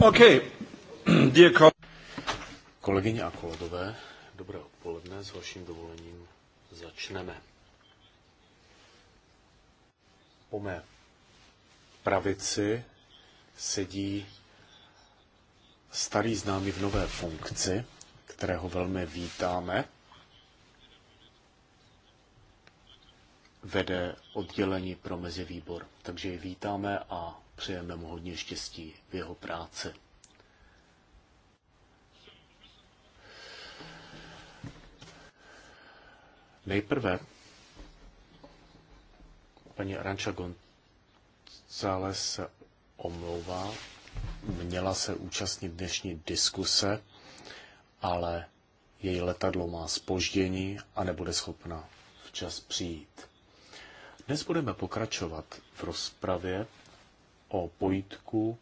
Okay. Dear Kolegyně a kolegové, dobré odpoledne, s vaším dovolením začneme. Po mé pravici sedí starý známý v nové funkci, kterého velmi vítáme. Vede oddělení pro mezivýbor. Takže ji vítáme a Přejeme mu hodně štěstí v jeho práci. Nejprve paní Aranča González se omlouvá. Měla se účastnit dnešní diskuse, ale její letadlo má spoždění a nebude schopna včas přijít. Dnes budeme pokračovat v rozpravě o pojítku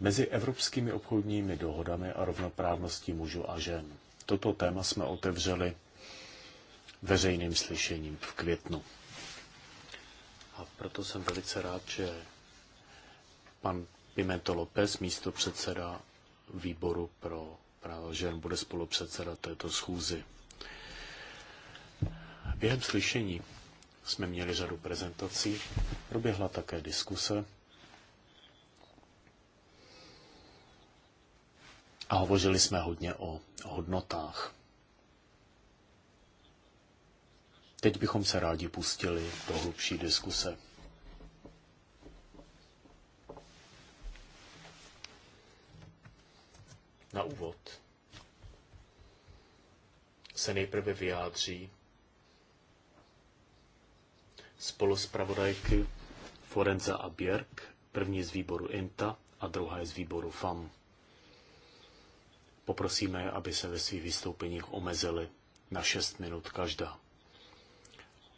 mezi evropskými obchodními dohodami a rovnoprávností mužů a žen. Toto téma jsme otevřeli veřejným slyšením v květnu. A proto jsem velice rád, že pan Pimento López, místo předseda výboru pro právo žen, bude spolupředseda této schůzy. Během slyšení jsme měli řadu prezentací, proběhla také diskuse a hovořili jsme hodně o, hodnotách. Teď bychom se rádi pustili do hlubší diskuse. Na úvod se nejprve vyjádří spoluspravodajky Forenza a Bjerk, první z výboru INTA a druhá je z výboru FAM. Poprosíme, aby se ve svých vystoupeních omezili na 6 minut každá.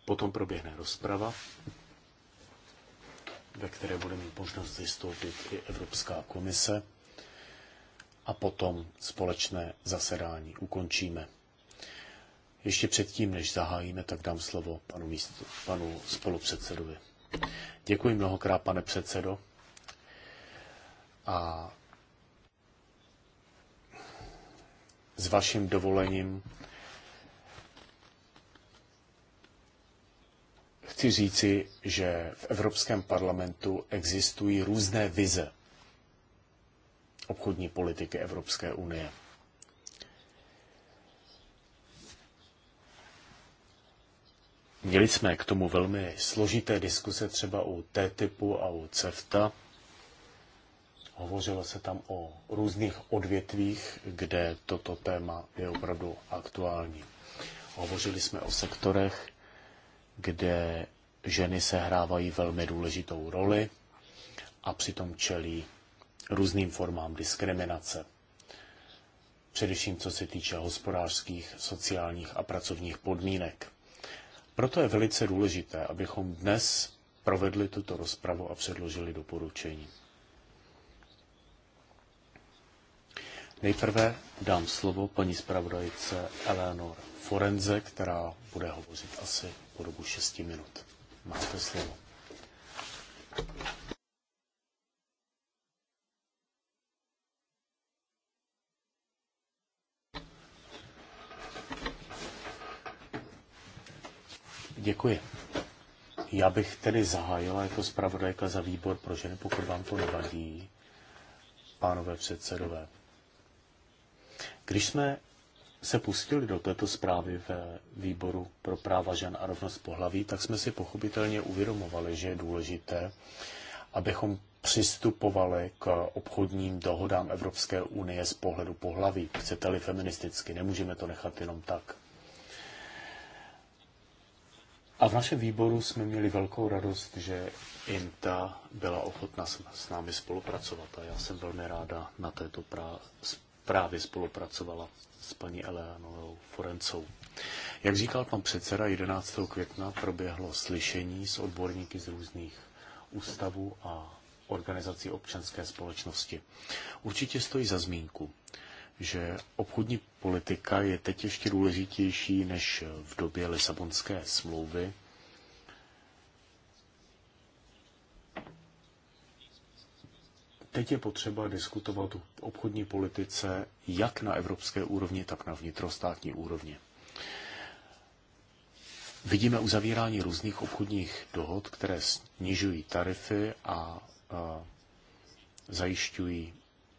Potom proběhne rozprava, ve které bude mít možnost vystoupit i Evropská komise a potom společné zasedání ukončíme. Ještě předtím, než zahájíme, tak dám slovo panu, místu, panu spolupředsedovi. Děkuji mnohokrát, pane předsedo. A s vaším dovolením chci říci, že v Evropském parlamentu existují různé vize obchodní politiky Evropské unie. Měli jsme k tomu velmi složité diskuse třeba u T-typu a u CEFTA. Hovořilo se tam o různých odvětvích, kde toto téma je opravdu aktuální. Hovořili jsme o sektorech, kde ženy sehrávají velmi důležitou roli a přitom čelí různým formám diskriminace. Především co se týče hospodářských, sociálních a pracovních podmínek. Proto je velice důležité, abychom dnes provedli tuto rozpravu a předložili doporučení. Nejprve dám slovo paní zpravodajce Eleanor Forenze, která bude hovořit asi po dobu 6 minut. Máte slovo. Děkuji. Já bych tedy zahájila jako zpravodajka za výbor pro ženy, pokud vám to nevadí, pánové předsedové. Když jsme se pustili do této zprávy ve výboru pro práva žen a rovnost pohlaví, tak jsme si pochopitelně uvědomovali, že je důležité, abychom přistupovali k obchodním dohodám Evropské unie z pohledu pohlaví. Chcete-li feministicky, nemůžeme to nechat jenom tak. A v našem výboru jsme měli velkou radost, že INTA byla ochotna s námi spolupracovat a já jsem velmi ráda na této práci právě spolupracovala s paní Eleanorou Forencou. Jak říkal pan předseda, 11. května proběhlo slyšení s odborníky z různých ústavů a organizací občanské společnosti. Určitě stojí za zmínku, že obchodní politika je teď ještě důležitější než v době Lisabonské smlouvy, teď je potřeba diskutovat o obchodní politice jak na evropské úrovni, tak na vnitrostátní úrovni. Vidíme uzavírání různých obchodních dohod, které snižují tarify a, a zajišťují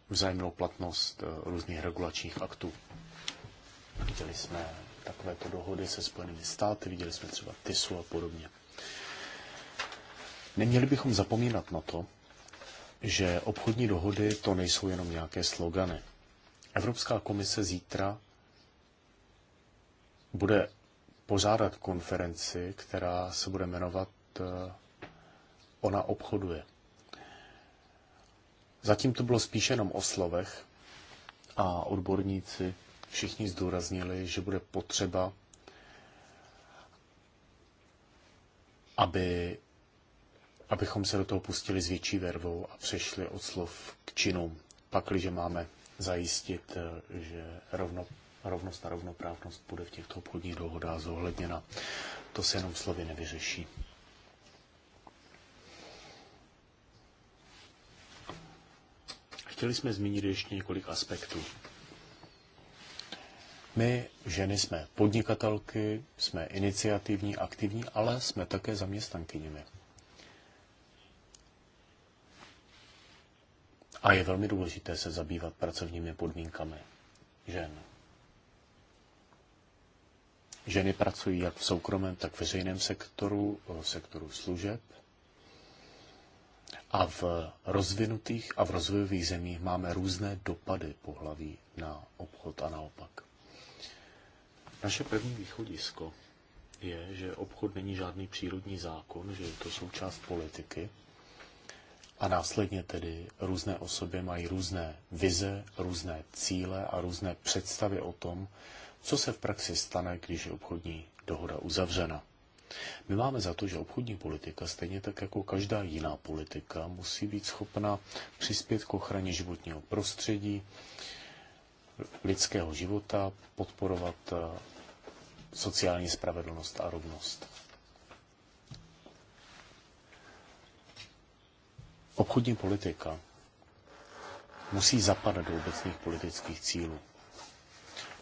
vzájemnou platnost e, různých regulačních aktů. Viděli jsme takovéto dohody se Spojenými státy, viděli jsme třeba TISu a podobně. Neměli bychom zapomínat na to, že obchodní dohody to nejsou jenom nějaké slogany. Evropská komise zítra bude pořádat konferenci, která se bude jmenovat eh, Ona obchoduje. Zatím to bylo spíše jenom o slovech a odborníci všichni zdůraznili, že bude potřeba, aby abychom se do toho pustili s větší vervou a přešli od slov k činům. Pakliže máme zajistit, eh, že rovno, rovnost a rovnoprávnost bude v těchto obchodních dohodách zohledněna, to se jenom slovy nevyřeší. Chtěli jsme zmínit ještě několik aspektů. My, ženy, jsme podnikatelky, jsme iniciativní, aktivní, ale jsme také zaměstnankyněmi. A je velmi důležité se zabývat pracovními podmínkami žen. Ženy pracují jak v soukromém, tak v veřejném sektoru, sektoru služeb. A v rozvinutých a v rozvojových zemích máme různé dopady pohlaví na obchod a naopak. Naše první východisko je, že obchod není žádný přírodní zákon, že je to součást politiky a následně tedy různé osoby mají různé vize, různé cíle a různé představy o tom, co se v praxi stane, když je obchodní dohoda uzavřena. My máme za to, že obchodní politika, stejně tak jako každá jiná politika, musí být schopna přispět k ochraně životního prostředí, lidského života, podporovat eh, sociální spravedlnost a rovnost. Obchodní politika musí zapadat do obecných politických cílů.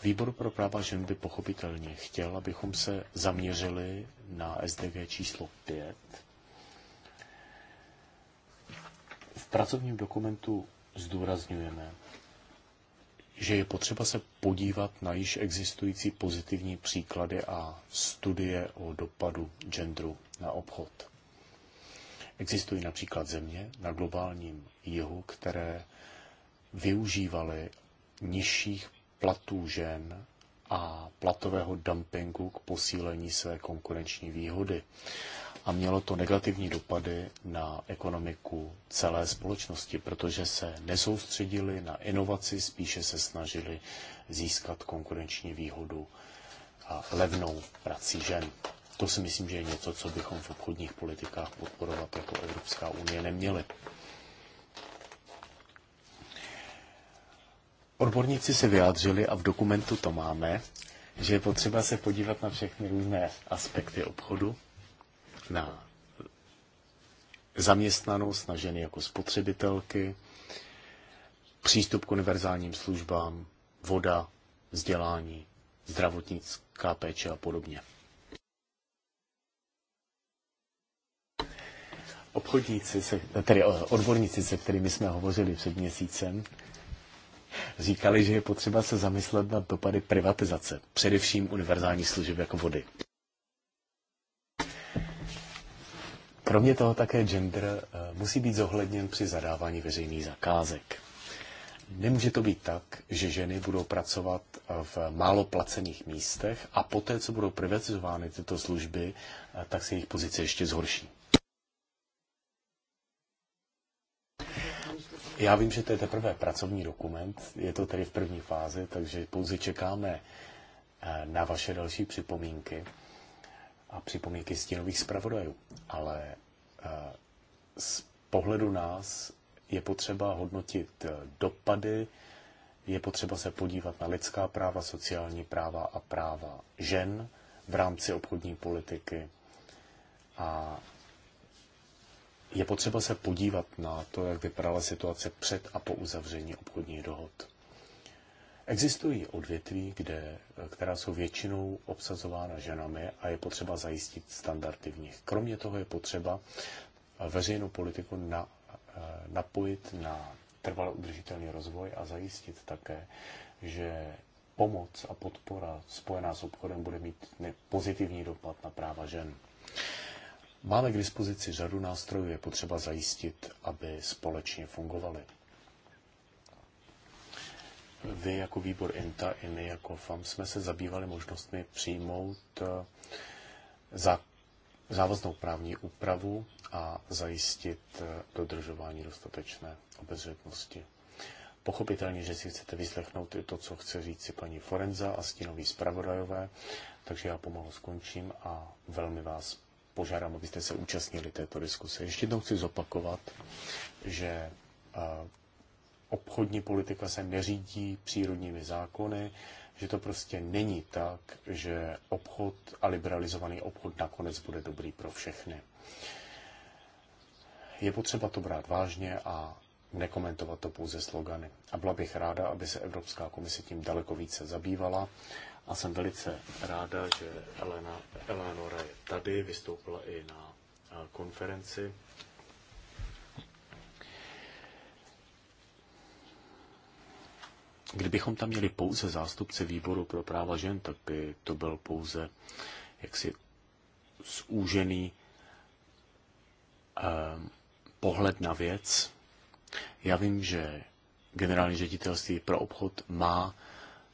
Výbor pro práva žen by pochopitelně chtěl, abychom se zaměřili na SDG číslo 5. V pracovním dokumentu zdůrazňujeme, že je potřeba se podívat na již existující pozitivní příklady a studie o dopadu genderu na obchod. Existují například země na globálním jihu, které využívaly nižších platů žen a platového dumpingu k posílení své konkurenční výhody. A mělo to negativní dopady na ekonomiku celé společnosti, protože se nesoustředili na inovaci, spíše se snažili získat konkurenční výhodu levnou prací žen to si myslím, že je něco, co bychom v obchodních politikách podporovat jako Evropská unie neměli. Odborníci se vyjádřili a v dokumentu to máme, že je potřeba se podívat na všechny různé aspekty obchodu, na zaměstnanost, na ženy jako spotřebitelky, přístup k univerzálním službám, voda, vzdělání, zdravotnická péče a podobně. obchodníci, se, tedy eh, odborníci, se kterými jsme hovořili před měsícem, říkali, že je potřeba se zamyslet nad dopady privatizace, především univerzální služeb jako vody. Kromě toho také gender eh, musí být zohledněn při zadávání veřejných zakázek. Nemůže to být tak, že ženy budou pracovat eh, v málo placených místech a poté, co budou privatizovány tyto služby, tak se jejich pozice ještě zhorší. Já vím, že to je teprve pracovní dokument, je to tedy v první fázi, takže pouze čekáme eh, na vaše další připomínky a připomínky stínových zpravodajů. Ale eh, z pohledu nás je potřeba hodnotit eh, dopady, je potřeba se podívat na lidská práva, sociální práva a práva žen v rámci obchodní politiky. A je potřeba se podívat na to, jak vypadala situace před a po uzavření obchodních dohod. Existují odvětví, kde, která jsou většinou obsazována ženami a je potřeba zajistit standardy v nich. Kromě toho je potřeba veřejnou politiku na, eh, napojit na trvalo udržitelný rozvoj a zajistit také, že pomoc a podpora spojená s obchodem bude mít pozitivní dopad na práva žen. Máme k dispozici řadu nástrojů, je potřeba zajistit, aby společně fungovaly. Vy jako výbor INTA i my jako FAM jsme se zabývali možnostmi přijmout eh, za závaznou právní úpravu a zajistit eh, dodržování dostatečné obezřetnosti. Pochopitelně, že si chcete vyslechnout i to, co chce říct si paní Forenza a stínoví zpravodajové, takže já pomalu skončím a velmi vás požádám, abyste se účastnili této diskuse. Ještě jednou chci zopakovat, že obchodní politika se neřídí přírodními zákony, že to prostě není tak, že obchod a liberalizovaný obchod nakonec bude dobrý pro všechny. Je potřeba to brát vážně a nekomentovat to pouze slogany. A byla bych ráda, aby se Evropská komise tím daleko více zabývala a jsem velice ráda, že Elena, Eleonora je tady, vystoupila i na konferenci. Kdybychom tam měli pouze zástupce výboru pro práva žen, tak by to byl pouze jaksi zúžený eh, pohled na věc. Já vím, že generální ředitelství pro obchod má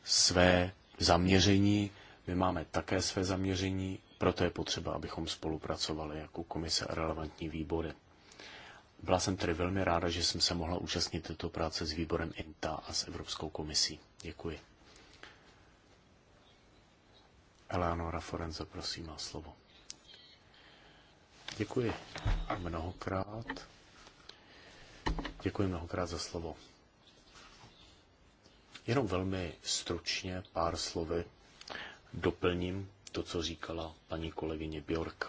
své zaměření, my máme také své zaměření, proto je potřeba, abychom spolupracovali jako komise a relevantní výbory. Byla jsem tedy velmi ráda, že jsem se mohla účastnit této práce s výborem INTA a s Evropskou komisí. Děkuji. Eleonora Forenza, prosím, má slovo. Děkuji mnohokrát. Děkuji mnohokrát za slovo. Jenom velmi stručně pár slovy doplním to, co říkala paní kolegyně Bjork.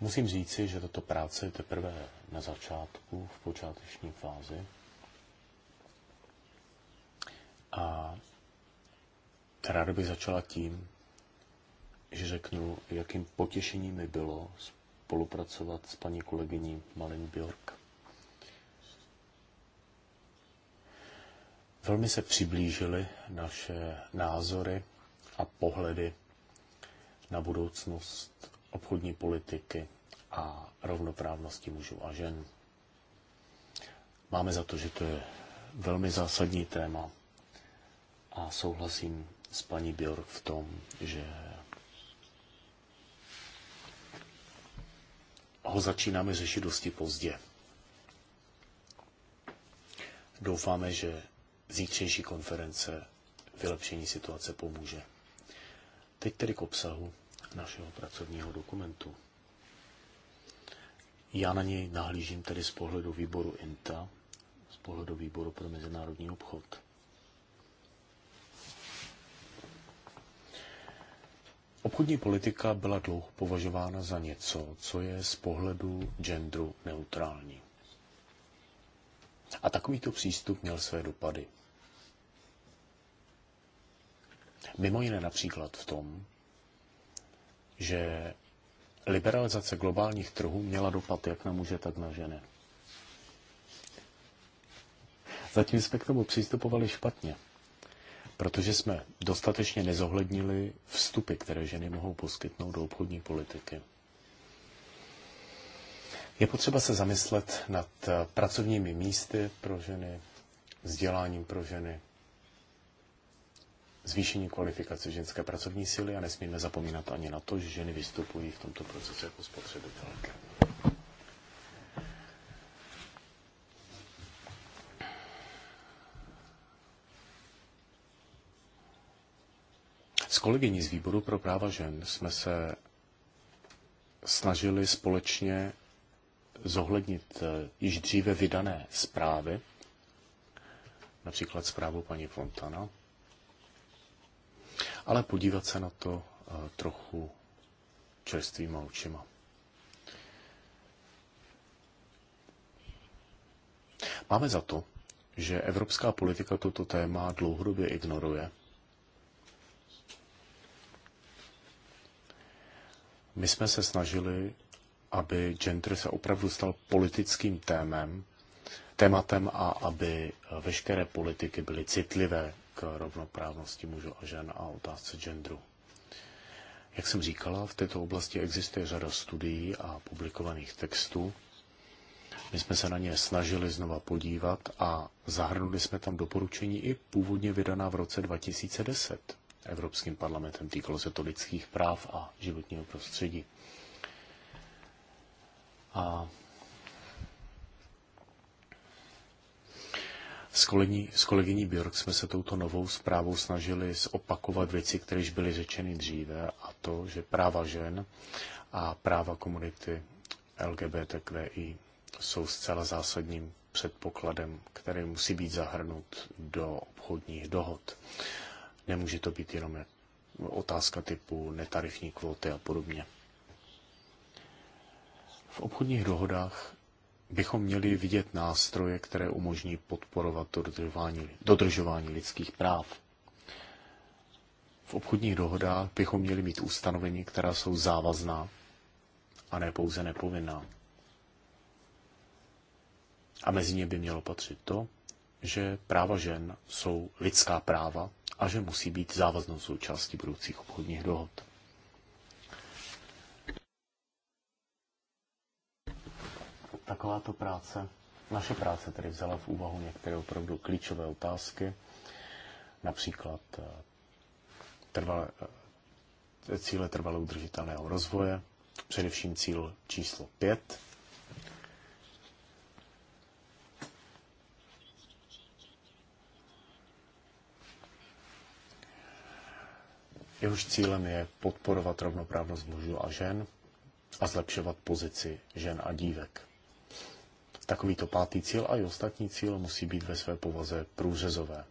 Musím říci, že tato práce je teprve na začátku, v počáteční fázi. A ráda bych začala tím, že řeknu, jakým potěšením mi bylo spolupracovat s paní kolegyní Malin Bjork. Velmi se přiblížily naše názory a pohledy na budoucnost obchodní politiky a rovnoprávnosti mužů a žen. Máme za to, že to je velmi zásadní téma a souhlasím s paní Björk v tom, že ho začínáme řešit dosti pozdě. Doufáme, že zítřejší konference vylepšení situace pomůže. Teď tedy k obsahu našeho pracovního dokumentu. Já na něj nahlížím tedy z pohledu výboru INTA, z pohledu výboru pro mezinárodní obchod. Obchodní politika byla dlouho považována za něco, co je z pohledu genderu neutrální. A takovýto přístup měl své dopady. Mimo jiné například v tom, že liberalizace globálních trhů měla dopad jak na muže, tak na ženy. Zatím jsme k tomu přistupovali špatně, protože jsme dostatečně nezohlednili vstupy, které ženy mohou poskytnout do obchodní politiky. Je potřeba se zamyslet nad pracovními místy pro ženy, vzděláním pro ženy, zvýšení kvalifikace ženské pracovní síly a nesmíme zapomínat ani na to, že ženy vystupují v tomto procesu jako spotřebitelky. S kolegyní z výboru pro práva žen jsme se snažili společně zohlednit eh, již dříve vydané zprávy, například zprávu paní Fontana, ale podívat se na to eh, trochu čerstvýma očima. Máme za to, že evropská politika toto téma dlouhodobě ignoruje. My jsme se snažili, aby gender se opravdu stal politickým témem, tématem a aby veškeré politiky byly citlivé rovnoprávnosti mužů a žen a otázce genderu. Jak jsem říkala, v této oblasti existuje řada studií a publikovaných textů. My jsme se na ně snažili znova podívat a zahrnuli jsme tam doporučení i původně vydaná v roce 2010 Evropským parlamentem. Týkalo se to lidských práv a životního prostředí. A S, kolegyní, s kolegyní Björk jsme se touto novou zprávou snažili zopakovat věci, které již byly řečeny dříve, a to, že práva žen a práva komunity LGBTQI jsou zcela zásadním předpokladem, který musí být zahrnut do obchodních dohod. Nemůže to být jenom otázka typu netarifní kvóty a podobně. V obchodních dohodách bychom měli vidět nástroje, které umožní podporovat dodržování, dodržování lidských práv. V obchodních dohodách bychom měli mít ustanovení, která jsou závazná a ne pouze nepovinná. A mezi ně by mělo patřit to, že práva žen jsou lidská práva a že musí být závaznou součástí budoucích obchodních dohod. takováto práce, naše práce tedy vzala v úvahu některé opravdu klíčové otázky, například eh, trvalé, eh, cíle trvale udržitelného rozvoje, především cíl číslo 5, Jehož cílem je podporovat rovnoprávnost mužů a žen a zlepšovat pozici žen a dívek. Takovýto pátý cíl a i ostatní cíl musí být ve své povaze průřezové.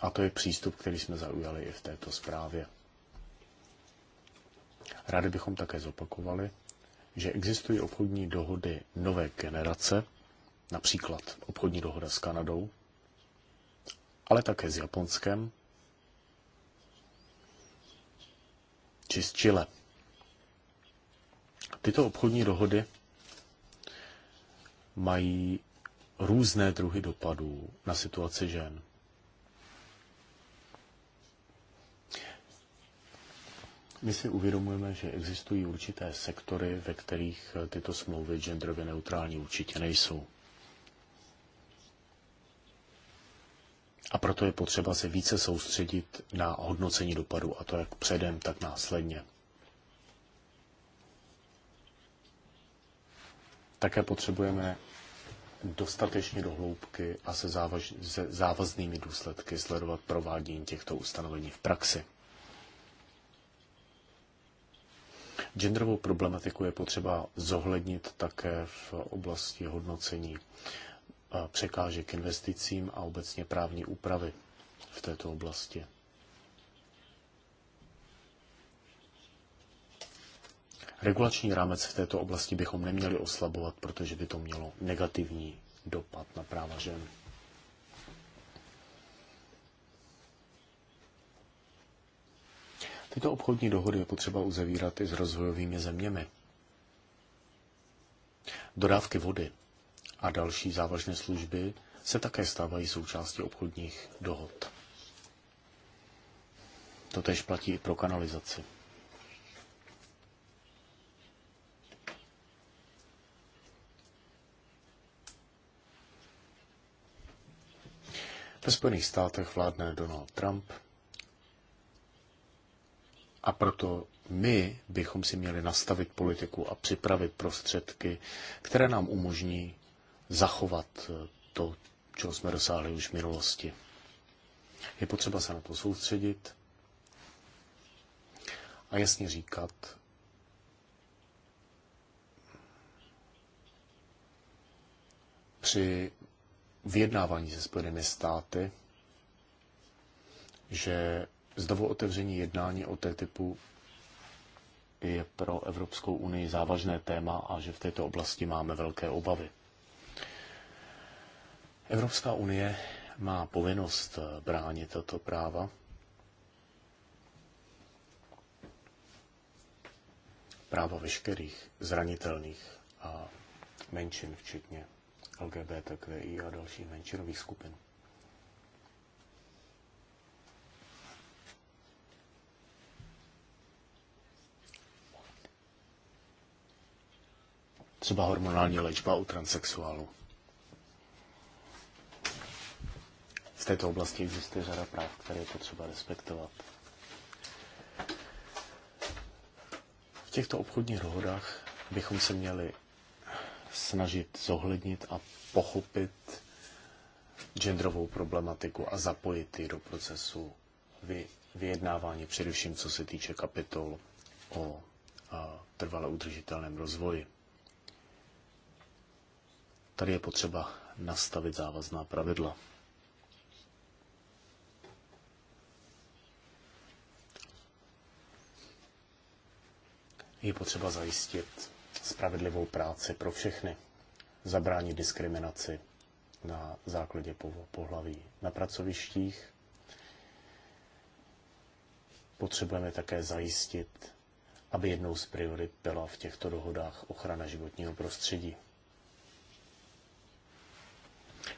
A to je přístup, který jsme zaujali i v této zprávě. Rádi bychom také zopakovali, že existují obchodní dohody nové generace, například obchodní dohoda s Kanadou, ale také s Japonskem či s Chile. Tyto obchodní dohody mají různé druhy dopadů na situaci žen. My si uvědomujeme, že existují určité sektory, ve kterých eh, tyto smlouvy genderově neutrální určitě nejsou. A proto je potřeba se více soustředit na hodnocení dopadu, a to jak předem, tak následně. Také potřebujeme dostatečně do hloubky a se, závaž, se závaznými důsledky sledovat provádění těchto ustanovení v praxi. Genderovou problematiku je potřeba zohlednit také v oblasti hodnocení překážek investicím a obecně právní úpravy v této oblasti. Regulační rámec v této oblasti bychom neměli oslabovat, protože by to mělo negativní dopad na práva žen. Tyto obchodní dohody je potřeba uzavírat i s rozvojovými zeměmi. Dodávky vody a další závažné služby se také stávají součástí obchodních dohod. Totež platí i pro kanalizaci. Ve Spojených státech vládne Donald Trump a proto my bychom si měli nastavit politiku a připravit prostředky, které nám umožní zachovat eh, to, čeho jsme dosáhli už v minulosti. Je potřeba se na to soustředit a jasně říkat, při vyjednávání se Spojenými státy, že znovu otevření jednání o té typu je pro Evropskou unii závažné téma a že v této oblasti máme velké obavy. Evropská unie má povinnost bránit tato práva. Práva veškerých zranitelných a menšin včetně LGBTQI a dalších menšinových skupin. Třeba hormonální léčba u transexuálů. V této oblasti existuje řada práv, které je potřeba respektovat. V těchto obchodních dohodách bychom se měli snažit zohlednit a pochopit genderovou problematiku a zapojit ji do procesu vy, vyjednávání, především co se týče kapitol o a, trvale udržitelném rozvoji. Tady je potřeba nastavit závazná pravidla. Je potřeba zajistit spravedlivou práci pro všechny, zabránit diskriminaci na základě pohlaví na pracovištích. Potřebujeme také zajistit, aby jednou z priorit byla v těchto dohodách ochrana životního prostředí.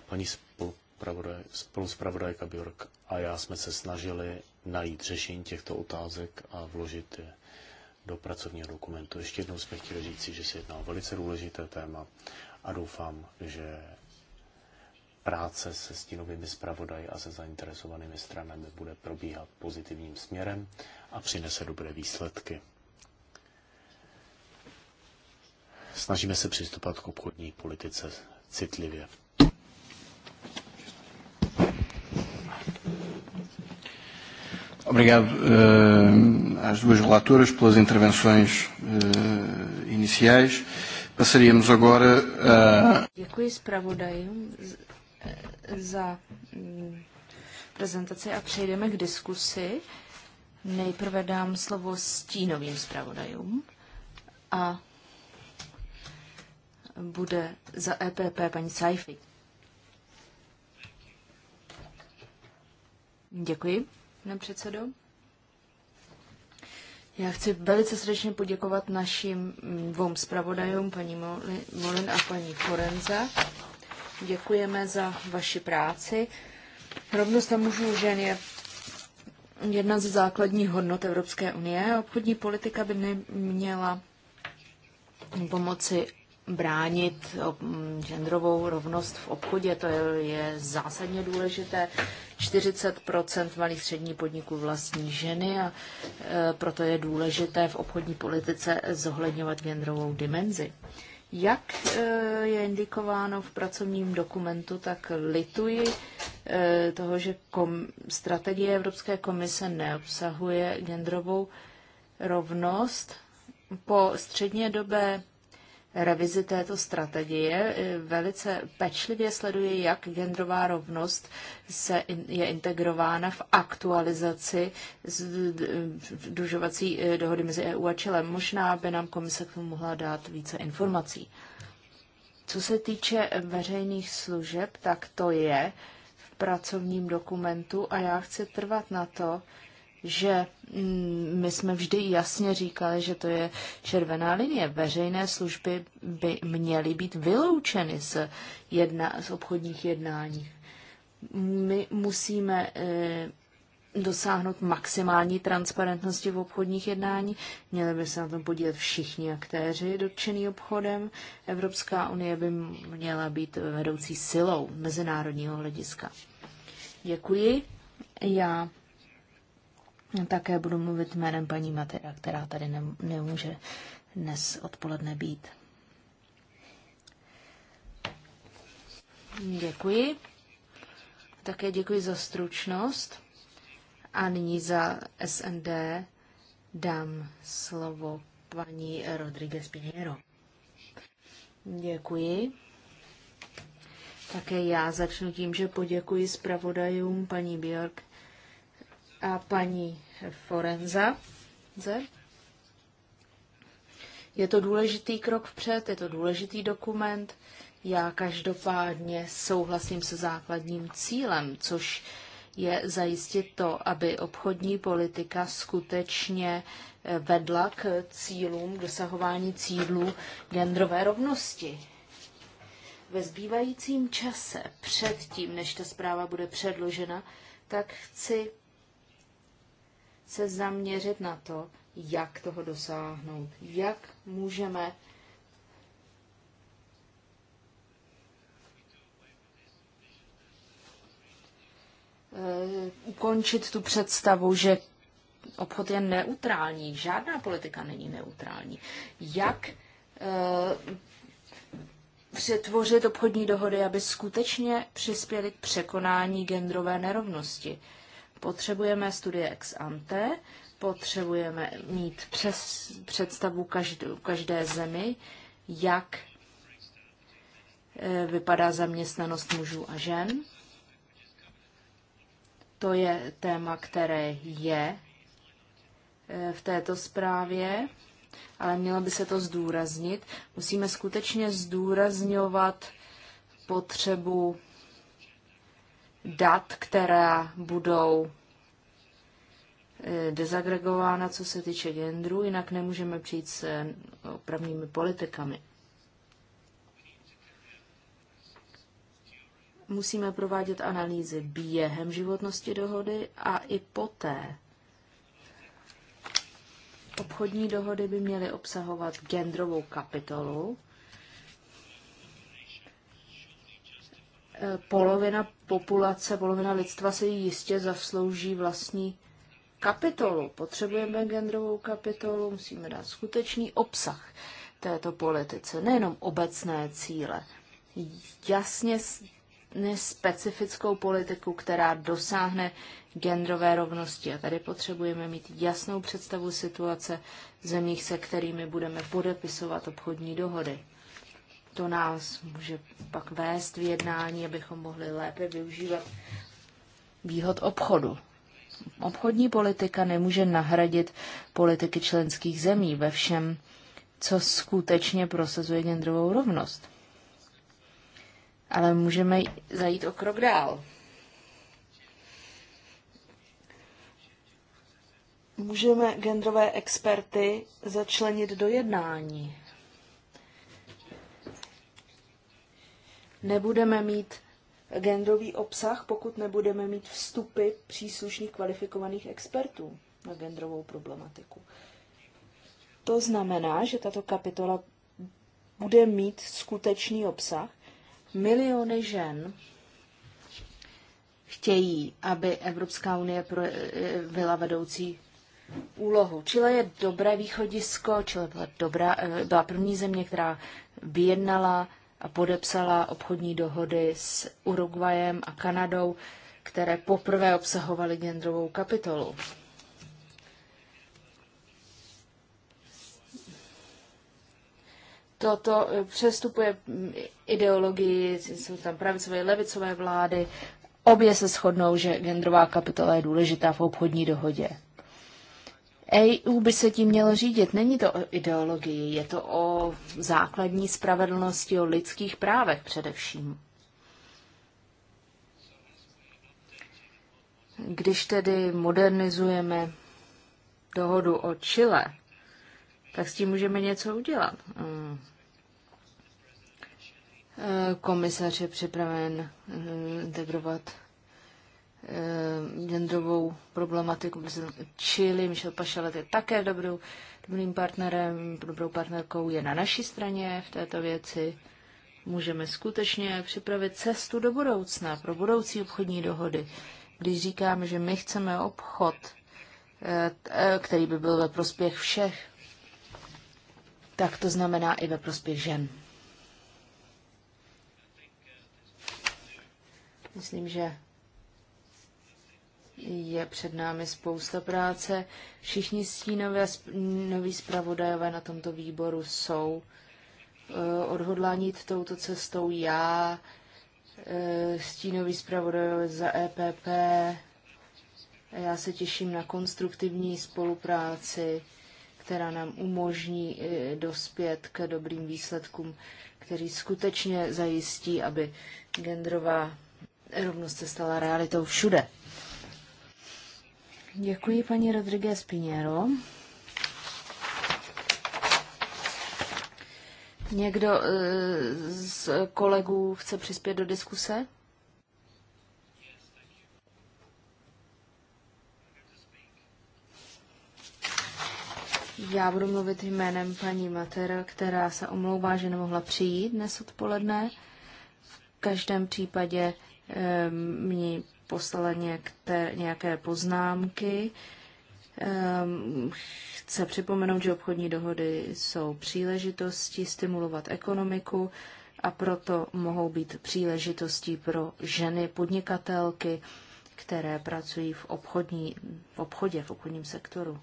Paní spoluspravodajka Bjork a já jsme se snažili najít řešení těchto otázek a vložit je do pracovního dokumentu. Ještě jednou jsme chtěli říci, že se jedná o velice důležité téma a doufám, že práce se stínovými zpravodaji a se zainteresovanými stranami bude probíhat pozitivním směrem a přinese dobré výsledky. Snažíme se přistupovat k obchodní politice citlivě. Obrigado uh, às duas relatoras pelas intervenções uh, iniciais. Passaríamos agora a. Děkuji zpravodajům eh, za mm, prezentaci a přejdeme k diskusi. Nejprve dám slovo stínovým zpravodajům a bude za EPP paní Saifi. Děkuji pane předsedo. Já chci velice srdečně poděkovat našim dvou zpravodajům, paní Molin a paní Forenza. Děkujeme za vaši práci. Rovnost a mužů žen je jedna ze základních hodnot Evropské unie. Obchodní politika by neměla pomoci bránit genderovou rovnost v obchodě, to je, je zásadně důležité. 40 malých středních podniků vlastní ženy a e, proto je důležité v obchodní politice zohledňovat genderovou dimenzi. Jak e, je indikováno v pracovním dokumentu, tak lituji e, toho, že kom, strategie Evropské komise neobsahuje genderovou rovnost. Po střednědobé revizi této strategie. Eh, velice pečlivě sleduji, jak genderová rovnost se je integrována v aktualizaci dužovací eh, dohody mezi EU a Čilem. Možná by nám komise k tomu mohla dát více informací. Co se týče veřejných služeb, tak to je v pracovním dokumentu a já chci trvat na to, že mm, my jsme vždy jasně říkali, že to je červená linie. Veřejné služby by měly být vyloučeny z, jedna, z obchodních jednání. My musíme e, dosáhnout maximální transparentnosti v obchodních jednání. Měli by se na tom podílet všichni aktéři dotčený obchodem. Evropská unie by měla být vedoucí silou mezinárodního hlediska. Děkuji. Já také budu mluvit jménem paní Matera, která tady ne, nemůže dnes odpoledne být. Děkuji. Také děkuji za stručnost. A nyní za SND dám slovo paní Rodriguez Pinheiro. Děkuji. Také já začnu tím, že poděkuji zpravodajům paní Björk a paní Forenza. Je to důležitý krok vpřed, je to důležitý dokument. Já každopádně souhlasím se základním cílem, což je zajistit to, aby obchodní politika skutečně eh, vedla k cílům, k dosahování cílů genderové rovnosti. Ve zbývajícím čase, předtím, než ta zpráva bude předložena, tak chci se zaměřit na to, jak toho dosáhnout, jak můžeme eh, ukončit tu představu, že obchod je neutrální, žádná politika není neutrální. Jak eh, přetvořit obchodní dohody, aby skutečně přispěly k překonání genderové nerovnosti. Potřebujeme studie ex ante, potřebujeme mít přes, představu každou, každé zemi, jak eh, vypadá zaměstnanost mužů a žen. To je téma, které je eh, v této zprávě, ale mělo by se to zdůraznit. Musíme skutečně zdůrazňovat potřebu dat, která budou eh, dezagregována, co se týče genderu, jinak nemůžeme přijít s eh, opravnými politikami. Musíme provádět analýzy během životnosti dohody a i poté. Obchodní dohody by měly obsahovat genderovou kapitolu, polovina populace, polovina lidstva se jistě zaslouží vlastní kapitolu. Potřebujeme genderovou kapitolu, musíme dát skutečný obsah této politice, nejenom obecné cíle. Jasně specifickou politiku, která dosáhne genderové rovnosti. A tady potřebujeme mít jasnou představu situace v zemích, se kterými budeme podepisovat obchodní dohody to nás může pak vést v jednání, abychom mohli lépe využívat výhod obchodu. Obchodní politika nemůže nahradit politiky členských zemí ve všem, co skutečně prosazuje genderovou rovnost. Ale můžeme zajít o krok dál. Můžeme genderové experty začlenit do jednání Nebudeme mít genderový obsah, pokud nebudeme mít vstupy příslušných kvalifikovaných expertů na genderovou problematiku. To znamená, že tato kapitola bude mít skutečný obsah. Miliony žen chtějí, aby Evropská unie byla vedoucí úlohu. Chile je dobré východisko, Chile byla, dobrá, eh, byla první země, která vyjednala a podepsala obchodní dohody s Uruguayem a Kanadou, které poprvé obsahovaly genderovou kapitolu. Toto eh, přestupuje ideologii, jsou tam pravicové, levicové vlády. Obě se shodnou, že genderová kapitola je důležitá v obchodní dohodě. EU by se tím mělo řídit. Není to o ideologii, je to o základní spravedlnosti, o lidských právech především. Když tedy modernizujeme dohodu o Chile, tak s tím můžeme něco udělat. Hmm. E, komisař je připraven hmm, integrovat Eh, genderovou problematiku. Čili Michel Pašalet je také dobrou, dobrým partnerem, dobrou partnerkou, je na naší straně v této věci. Můžeme skutečně připravit cestu do budoucna, pro budoucí obchodní dohody. Když říkáme, že my chceme obchod, eh, který by byl ve prospěch všech, tak to znamená i ve prospěch žen. Myslím, že je před námi spousta práce. Všichni stínové noví zpravodajové na tomto výboru jsou eh, odhodlání touto cestou. Já, eh, stínový zpravodajové za EPP, já se těším na konstruktivní spolupráci, která nám umožní eh, dospět k dobrým výsledkům, který skutečně zajistí, aby genderová rovnost se stala realitou všude. Děkuji paní Rodriguez Piniero. Někdo eh, z kolegů chce přispět do diskuse? Já budu mluvit jménem paní Matera, která se omlouvá, že nemohla přijít dnes odpoledne. V každém případě eh, mě poslala některé, nějaké poznámky. Ehm, chce připomenout, že obchodní dohody jsou příležitosti stimulovat ekonomiku a proto mohou být příležitostí pro ženy podnikatelky, které pracují v, obchodní, v obchodě, v obchodním sektoru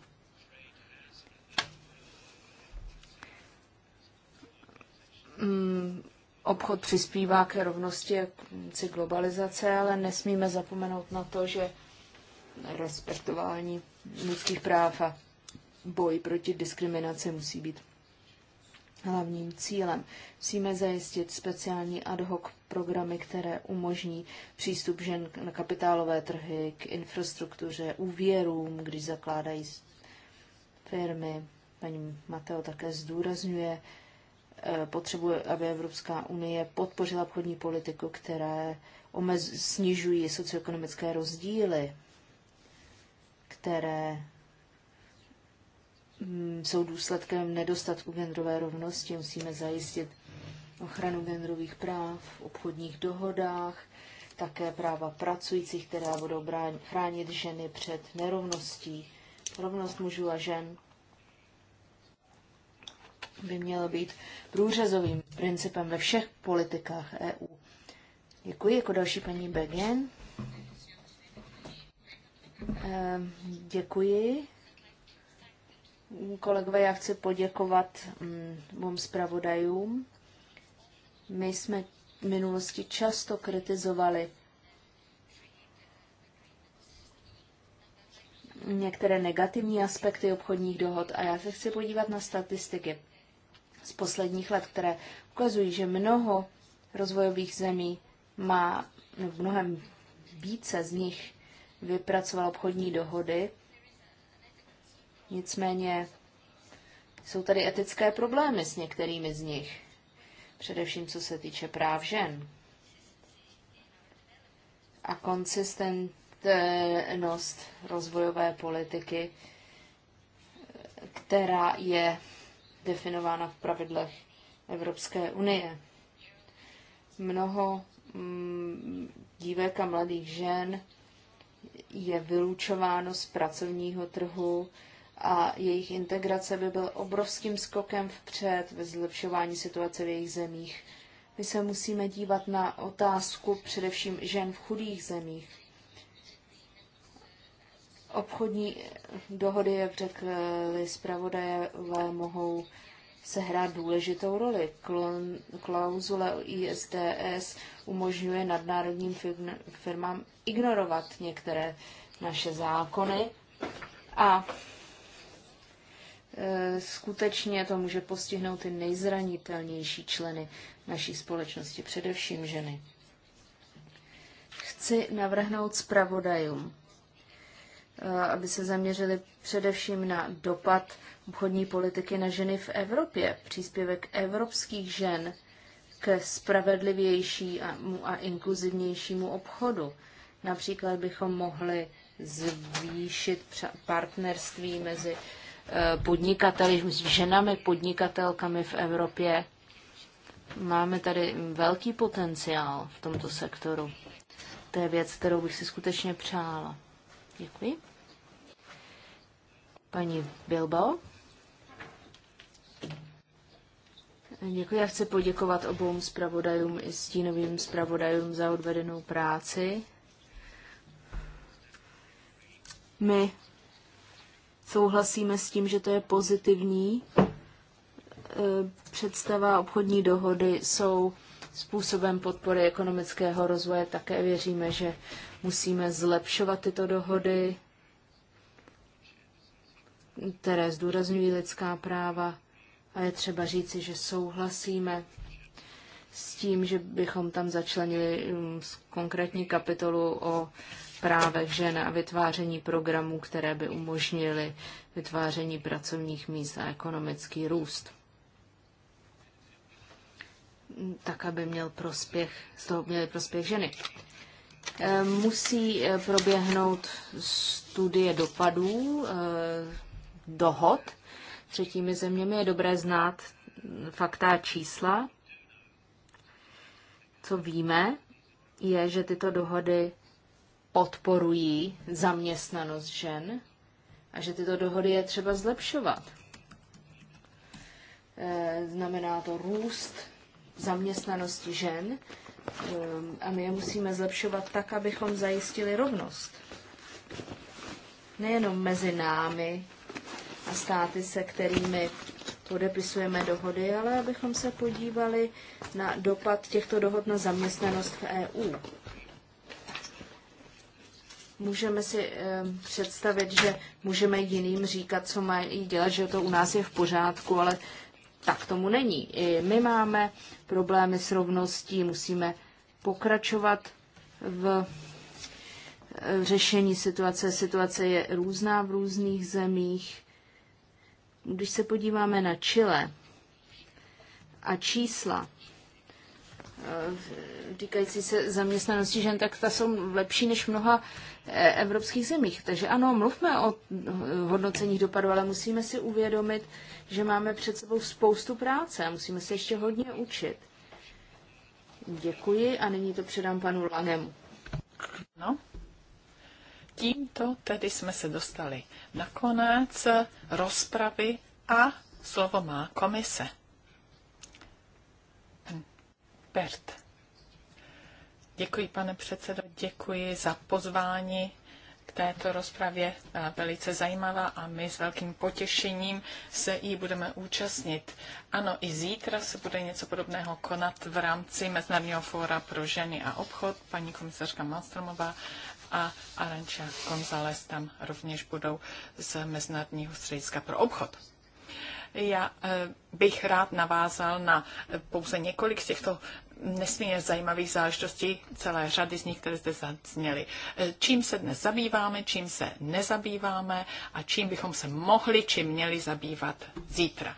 obchod přispívá k rovnosti a globalizace, ale nesmíme zapomenout na to, že respektování lidských práv a boj proti diskriminaci musí být hlavním cílem. Musíme zajistit speciální ad hoc programy, které umožní přístup žen na kapitálové trhy, k infrastruktuře, úvěrům, když zakládají firmy. Paní Mateo také zdůrazňuje Eh, potřebuje, aby Evropská unie podpořila obchodní politiku, které omez, snižují socioekonomické rozdíly, které mm, jsou důsledkem nedostatku genderové rovnosti. Musíme zajistit ochranu genderových práv v obchodních dohodách, také práva pracujících, která budou chránit ženy před nerovností, rovnost mužů a žen by mělo být průřezovým principem ve všech politikách EU. Děkuji. Jako další paní Begen. Ehm, děkuji. Kolegové, já chci poděkovat mým zpravodajům. My jsme v minulosti často kritizovali některé negativní aspekty obchodních dohod a já se chci podívat na statistiky z posledních let, které ukazují, že mnoho rozvojových zemí má no, mnohem více z nich vypracovalo obchodní dohody. Nicméně jsou tady etické problémy s některými z nich, především co se týče práv žen. A konsistentnost rozvojové politiky, která je definována v pravidlech Evropské unie. Mnoho mm, dívek a mladých žen je vylučováno z pracovního trhu a jejich integrace by byl obrovským skokem vpřed ve zlepšování situace v jejich zemích. My se musíme dívat na otázku především žen v chudých zemích Obchodní dohody, jak řekli zpravodajové, mohou se hrát důležitou roli. Klauzule ISDS umožňuje nadnárodním firmám ignorovat některé naše zákony a e, skutečně to může postihnout ty nejzranitelnější členy naší společnosti, především ženy. Chci navrhnout zpravodajům, Eh, aby se zaměřili především na dopad obchodní politiky na ženy v Evropě, příspěvek evropských žen k spravedlivějšímu a inkluzivnějšímu obchodu. Například bychom mohli zvýšit partnerství mezi eh, podnikateli, s ženami podnikatelkami v Evropě. Máme tady velký potenciál v tomto sektoru. To je věc, kterou bych si skutečně přála. Děkuji. Paní Bilbo. Děkuji. Já chci poděkovat obou zpravodajům i stínovým zpravodajům za odvedenou práci. My souhlasíme s tím, že to je pozitivní. E, představa obchodní dohody jsou způsobem podpory ekonomického rozvoje. Také věříme, že musíme zlepšovat tyto dohody které zdůrazňují lidská práva a je třeba říci, že souhlasíme s tím, že bychom tam začlenili mm, konkrétní kapitolu o právech žen a vytváření programů, které by umožnily vytváření pracovních míst a ekonomický růst. Mm, tak, aby měl prospěch, z toho měly prospěch ženy. Ehm, musí eh, proběhnout studie dopadů eh, dohod s třetími zeměmi. Je dobré znát fakta a čísla. Co víme, je, že tyto dohody podporují zaměstnanost žen a že tyto dohody je třeba zlepšovat. Eh, znamená to růst zaměstnanosti žen eh, a my je musíme zlepšovat tak, abychom zajistili rovnost. Nejenom mezi námi, a státy, se kterými podepisujeme dohody, ale abychom se podívali na dopad těchto dohod na zaměstnanost v EU. Můžeme si e, představit, že můžeme jiným říkat, co mají dělat, že to u nás je v pořádku, ale tak tomu není. I my máme problémy s rovností, musíme pokračovat v eh, řešení situace. Situace je různá v různých zemích když se podíváme na Chile a čísla eh, týkající se zaměstnanosti žen, tak ta jsou lepší než mnoha eh, evropských zemích. Takže ano, mluvme o hodnocení dopadu, ale musíme si uvědomit, že máme před sebou spoustu práce a musíme se ještě hodně učit. Děkuji a nyní to předám panu Langemu. No. Tímto tedy jsme se dostali na konec rozpravy a slovo má komise. Bert. Děkuji, pane předsedo, děkuji za pozvání k této rozpravě. Byla velice zajímavá a my s velkým potěšením se jí budeme účastnit. Ano, i zítra se bude něco podobného konat v rámci Mezinárodního fóra pro ženy a obchod. Paní komisařka Malstromová a Aranča González tam rovněž budou z Mezinárodního střediska pro obchod. Já eh, bych rád navázal na pouze několik z těchto nesmírně zajímavých záležitostí, celé řady z nich, které zde zazněly. Eh, čím se dnes zabýváme, čím se nezabýváme a čím bychom se mohli, či měli zabývat zítra.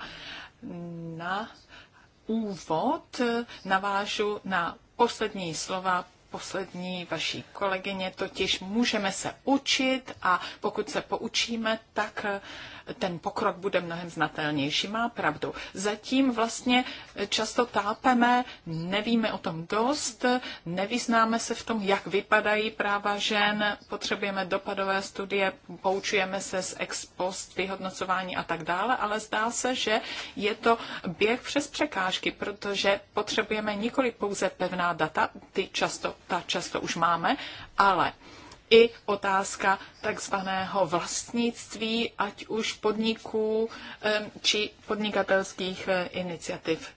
Na úvod eh, navážu na poslední slova poslední vaší kolegyně, totiž můžeme se učit a pokud se poučíme, tak eh, ten pokrok bude mnohem znatelnější. Má pravdu. Zatím vlastně eh, často tápeme, nevíme o tom dost, nevyznáme se v tom, jak vypadají práva žen, potřebujeme dopadové studie, poučujeme se z ex post, vyhodnocování a tak dále, ale zdá se, že je to běh přes překážky, protože potřebujeme nikoli pouze pevná data, ty často ta často už máme, ale i otázka takzvaného vlastnictví, ať už podniků či podnikatelských eh, iniciativ.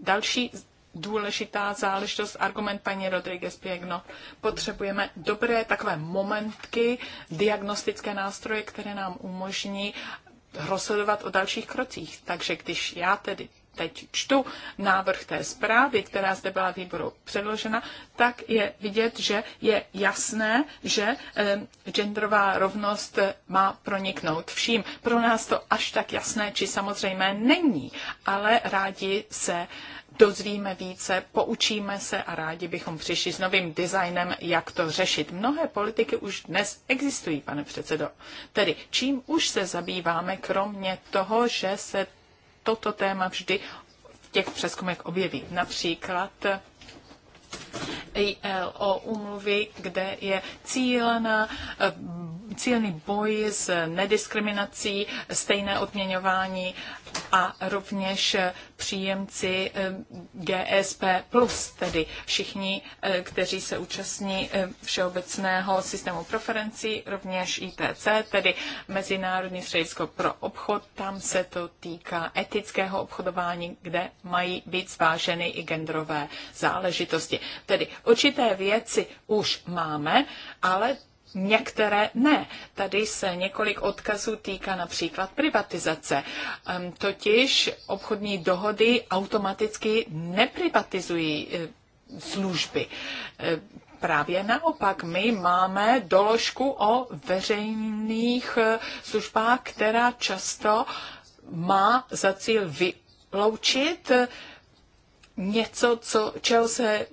Další důležitá záležitost, argument paní Rodriguez Pěgno. Potřebujeme dobré takové momentky, diagnostické nástroje, které nám umožní rozhodovat o dalších krocích. Takže když já tedy teď čtu návrh té zprávy, která zde byla výboru předložena, tak je vidět, že je jasné, že genderová rovnost má proniknout vším. Pro nás to až tak jasné či samozřejmé není, ale rádi se dozvíme více, poučíme se a rádi bychom přišli s novým designem, jak to řešit. Mnohé politiky už dnes existují, pane předsedo. Tedy čím už se zabýváme, kromě toho, že se toto téma vždy v těch přeskumech objeví. Například o umluvy, kde je cílená eh, cílný boj s nediskriminací, stejné odměňování a rovněž příjemci eh, GSP+, tedy všichni, eh, kteří se účastní eh, všeobecného systému preferencí, rovněž ITC, tedy Mezinárodní středisko pro obchod, tam se to týká etického obchodování, kde mají být zváženy i genderové záležitosti. Tedy určité věci už máme, ale Některé ne. Tady se několik odkazů týká například privatizace. Totiž obchodní dohody automaticky neprivatizují e, služby. E, právě naopak, my máme doložku o veřejných e, službách, která často má za cíl vyloučit něco, co, čeho se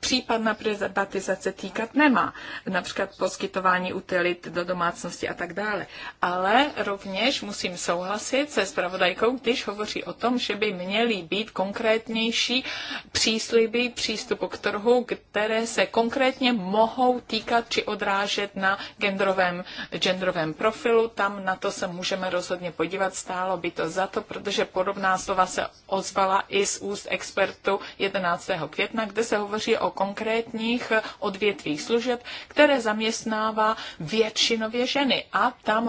případná privatizace týkat nemá, například poskytování utilit do domácnosti a tak dále. Ale rovněž musím souhlasit se spravodajkou, když hovoří o tom, že by měly být konkrétnější přísliby přístupu k trhu, které se konkrétně mohou týkat či odrážet na genderovém, genderovém profilu. Tam na to se můžeme rozhodně podívat, stálo by to za to, protože podobná slova se ozvala i z úst expertu 11. května, kde se hovoří o o konkrétních odvětvích služeb, které zaměstnává většinově ženy. A tam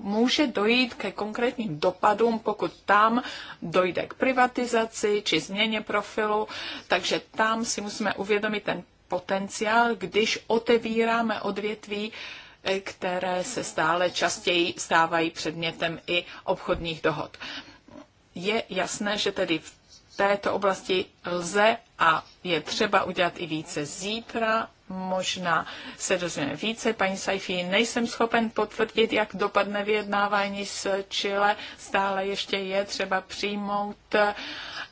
může dojít ke konkrétním dopadům, pokud tam dojde k privatizaci či změně profilu. Takže tam si musíme uvědomit ten potenciál, když otevíráme odvětví, eh, které se stále častěji stávají předmětem i obchodních dohod. Je jasné, že tedy v této oblasti lze a je třeba udělat i více zítra, možná se dozvíme více. Paní Saifi, nejsem schopen potvrdit, jak dopadne vyjednávání s Chile. Stále ještě je třeba přijmout Eh,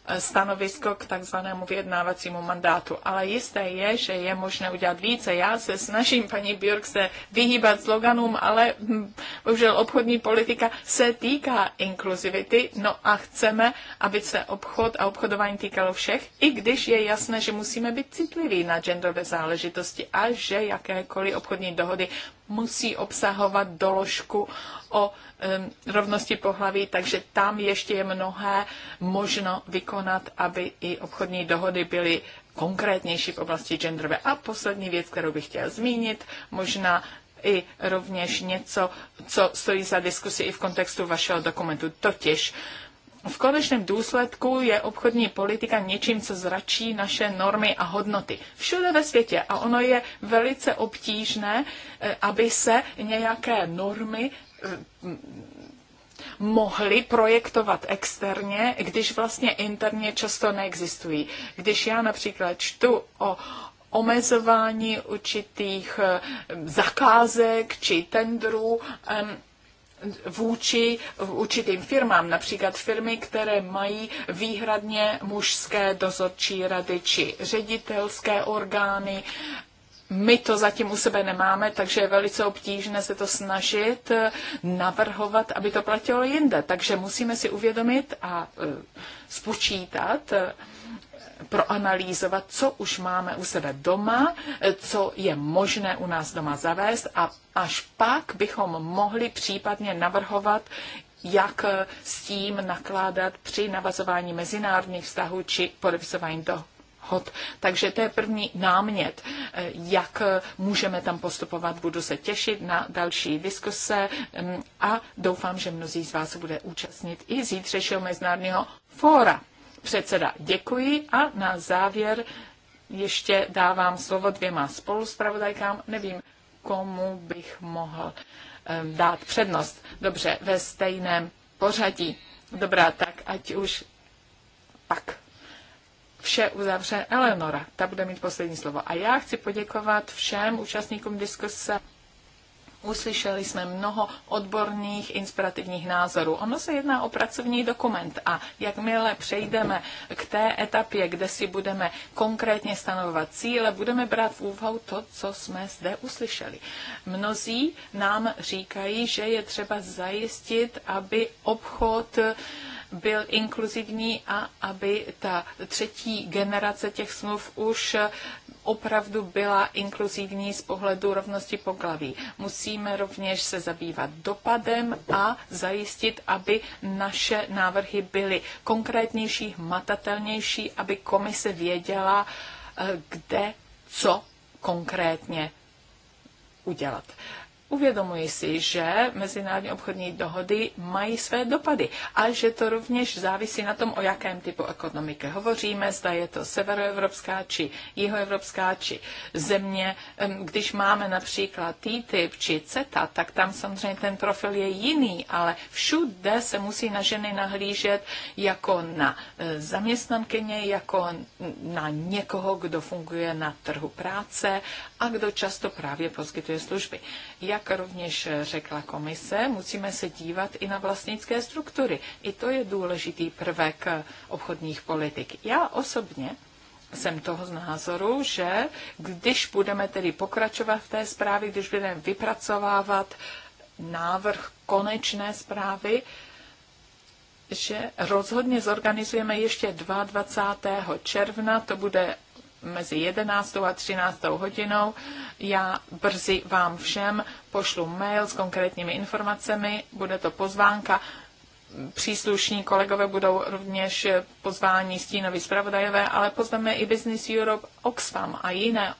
stanovisko k takzvanému vyjednávacímu mandátu. Ale jisté je, že je možné udělat více. Já se snažím, paní Björk, se vyhýbat sloganům, ale hm, bohužel obchodní politika se týká inkluzivity, no a chceme, aby se obchod a obchodování týkalo všech, i když je jasné, že musíme být citliví na genderové záležitosti a že jakékoliv obchodní dohody musí obsahovat doložku o um, rovnosti pohlaví, takže tam ještě je mnohé možno vykonat, aby i obchodní dohody byly konkrétnější v oblasti genderové. A poslední věc, kterou bych chtěla zmínit, možná i rovněž něco, co stojí za diskusi i v kontextu vašeho dokumentu, totiž uh, v konečném důsledku je obchodní politika něčím, co zračí naše normy a hodnoty. Všude ve světě. A ono je velice obtížné, eh, aby se nějaké normy eh, mohli projektovat externě, když vlastně interně často neexistují. Když já například čtu o omezování určitých eh, zakázek či tendrů, vůči určitým firmám, například firmy, které mají výhradně mužské dozorčí rady či ředitelské orgány. My to zatím u sebe nemáme, takže je velice obtížné se to snažit eh, navrhovat, aby to platilo jinde. Takže musíme si uvědomit a eh, spočítat, eh, proanalýzovat, co už máme u sebe doma, co je možné u nás doma zavést a až pak bychom mohli případně navrhovat, jak s tím nakládat při navazování mezinárodních vztahů či podepisování Hot. Takže to je první námět, jak můžeme tam postupovat. Budu se těšit na další diskuse mm, a doufám, že mnozí z vás bude účastnit i zítřejšího mezinárodního fóra. Předseda, děkuji a na závěr ještě dávám slovo dvěma spoluspravodajkám. Nevím, komu bych mohl dát přednost. Dobře, ve stejném pořadí. Dobrá, tak ať už pak vše uzavře Eleonora. Ta bude mít poslední slovo. A já chci poděkovat všem účastníkům diskuse uslyšeli jsme mnoho odborných inspirativních názorů. Ono se jedná o pracovní dokument a jakmile přejdeme k té etapě, kde si budeme konkrétně stanovovat cíle, budeme brát v úvahu to, co jsme zde uslyšeli. Mnozí nám říkají, že je třeba zajistit, aby obchod byl inkluzivní a aby ta třetí generace těch smluv už opravdu byla inkluzivní z pohledu rovnosti poglaví. Musíme rovněž se zabývat dopadem a zajistit, aby naše návrhy byly konkrétnější, matatelnější, aby komise věděla, eh, kde co konkrétně udělat. Uvědomuji si, že mezinárodní obchodní dohody mají své dopady a že to rovněž závisí na tom, o jakém typu ekonomiky hovoříme, zda je to severoevropská či jihoevropská či země. Když máme například TTIP či CETA, tak tam samozřejmě ten profil je jiný, ale všude se musí na ženy nahlížet jako na e, zaměstnankyně, jako na někoho, kdo funguje na trhu práce a kdo často právě poskytuje služby. Jak rovněž řekla komise, musíme se dívat i na vlastnické struktury. I to je důležitý prvek obchodních politik. Já osobně jsem toho z názoru, že když budeme tedy pokračovat v té zprávě, když budeme vypracovávat návrh konečné zprávy, že rozhodně zorganizujeme ještě 22. června, to bude mezi 11. a 13. hodinou. Já brzy vám všem pošlu mail s konkrétními informacemi, bude to pozvánka. Příslušní kolegové budou rovněž pozváni stínovi zpravodajové, ale pozveme i Business Europe, Oxfam a jiné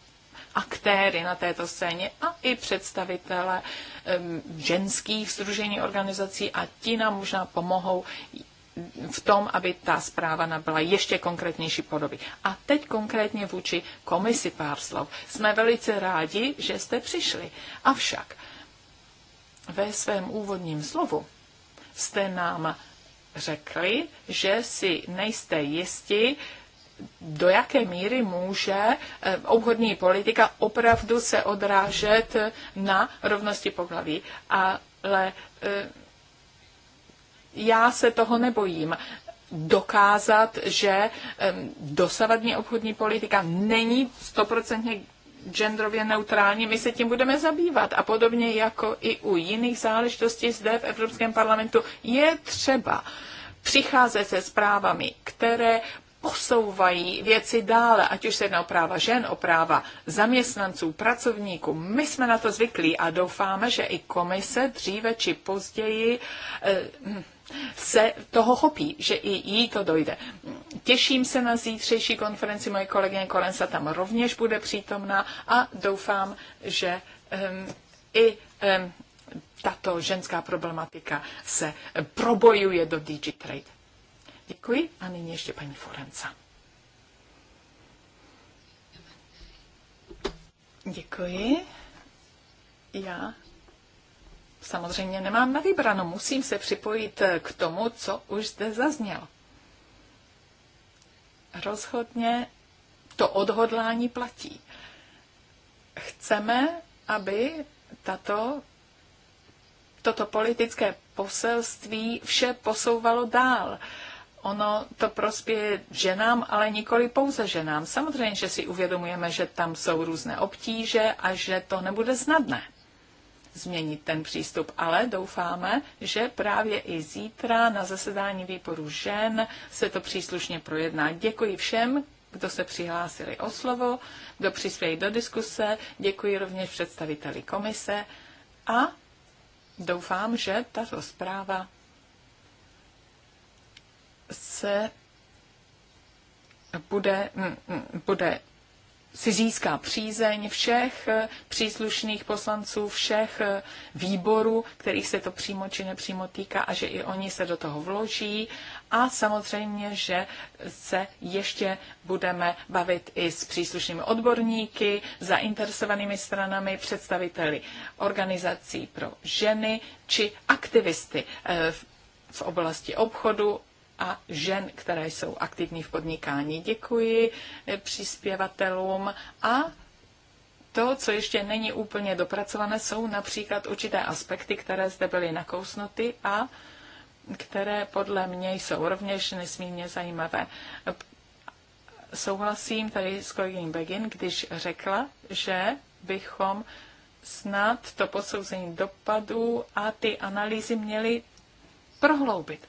aktéry na této scéně a i představitele um, ženských združení organizací a ti nám možná pomohou v tom, aby ta zpráva nabyla ještě konkrétnější podoby. A teď konkrétně vůči komisi pár slov. Jsme velice rádi, že jste přišli. Avšak ve svém úvodním slovu jste nám řekli, že si nejste jisti, do jaké míry může eh, obchodní politika opravdu se odrážet na rovnosti pohlaví. Ale eh, já se toho nebojím dokázat, že dosavadní obchodní politika není stoprocentně genderově neutrální, my se tím budeme zabývat. A podobně jako i u jiných záležitostí zde v Evropském parlamentu je třeba přicházet se zprávami, které posouvají věci dále, ať už se jedná o práva žen, o práva zaměstnanců, pracovníků. My jsme na to zvyklí a doufáme, že i komise dříve či později eh, se toho chopí, že i jí to dojde. Těším se na zítřejší konferenci, moje kolegyně Kolensa tam rovněž bude přítomná a doufám, že um, i um, tato ženská problematika se probojuje do Digitrade. Děkuji a nyní ještě paní Forenca. Děkuji. Já samozřejmě nemám na vybrano, musím se připojit k tomu, co už zde zaznělo. Rozhodně to odhodlání platí. Chceme, aby tato, toto politické poselství vše posouvalo dál ono to prospěje ženám, ale nikoli pouze ženám. Samozřejmě, že si uvědomujeme, že tam jsou různé obtíže a že to nebude snadné změnit ten přístup, ale doufáme, že právě i zítra na zasedání výboru žen se to příslušně projedná. Děkuji všem, kdo se přihlásili o slovo, kdo přispějí do diskuse, děkuji rovněž představiteli komise a doufám, že tato zpráva se bude, bude si získá přízeň všech eh, příslušných poslanců, všech eh, výborů, kterých se to přímo či nepřímo týká a že i oni se do toho vloží. A samozřejmě, že se ještě budeme bavit i s příslušnými odborníky, zainteresovanými stranami, představiteli organizací pro ženy či aktivisty eh, v oblasti obchodu, a žen, které jsou aktivní v podnikání. Děkuji eh, přispěvatelům a to, co ještě není úplně dopracované, jsou například určité aspekty, které zde byly nakousnuty a které podle mě jsou rovněž nesmírně zajímavé. Souhlasím tady s kolegyní Begin, když řekla, že bychom snad to posouzení dopadů a ty analýzy měli prohloubit.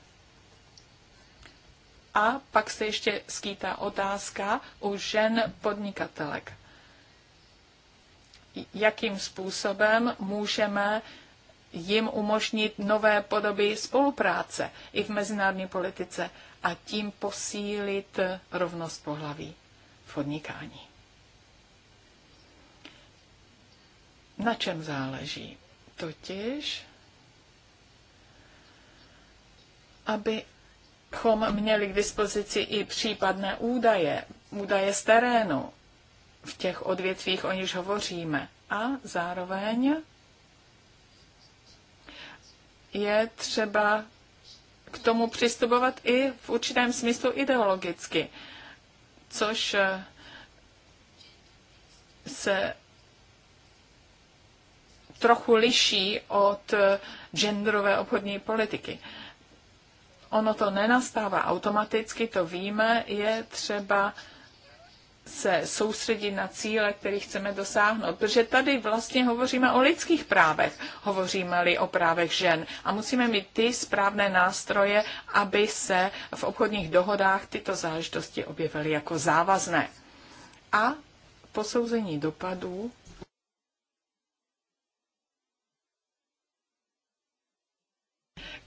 A pak se ještě skýtá otázka u žen podnikatelek. Jakým způsobem můžeme jim umožnit nové podoby spolupráce i v mezinárodní politice a tím posílit rovnost pohlaví v podnikání. Na čem záleží? Totiž, aby bychom měli k dispozici i případné údaje, údaje z terénu v těch odvětvích, o niž hovoříme. A zároveň je třeba k tomu přistupovat i v určitém smyslu ideologicky, což eh, se trochu liší od eh, genderové obchodní politiky ono to nenastává automaticky, to víme, je třeba se soustředit na cíle, který chceme dosáhnout. Protože tady vlastně hovoříme o lidských právech, hovoříme-li o právech žen. A musíme mít ty správné nástroje, aby se v obchodních dohodách tyto záležitosti objevily jako závazné. A posouzení dopadů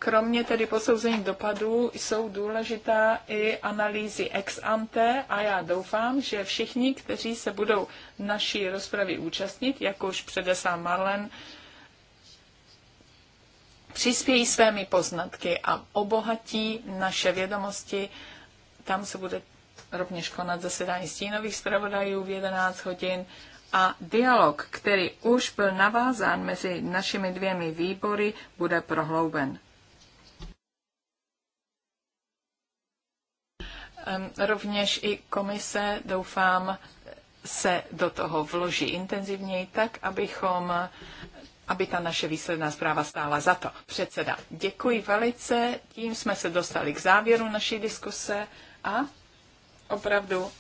Kromě tedy posouzení dopadů jsou důležitá i analýzy ex ante a já doufám, že všichni, kteří se budou naší rozpravy účastnit, jako už předesá Marlen, přispějí svémi poznatky a obohatí naše vědomosti. Tam se bude rovněž konat zasedání stínových zpravodajů v 11 hodin a dialog, který už byl navázán mezi našimi dvěmi výbory, bude prohlouben. Rovněž i komise, doufám, se do toho vloží intenzivněji tak, abychom aby ta naše výsledná zpráva stála za to. Předseda, děkuji velice, tím jsme se dostali k závěru naší diskuse a opravdu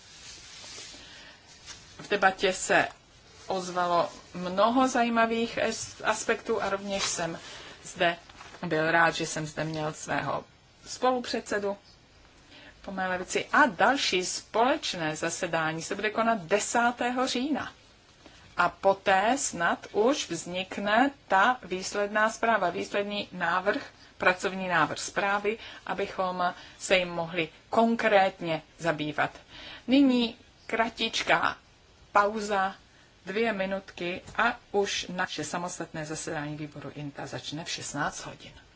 v debatě se ozvalo mnoho zajímavých aspektů a rovněž jsem zde byl rád, že jsem zde měl svého spolupředsedu po mé levici. A další společné zasedání se bude konat 10. října. A poté snad už vznikne ta výsledná zpráva, výsledný návrh, pracovní návrh zprávy, abychom se jim mohli konkrétně zabývat. Nyní kratička pauza, dvě minutky a už naše samostatné zasedání výboru INTA začne v 16 hodin.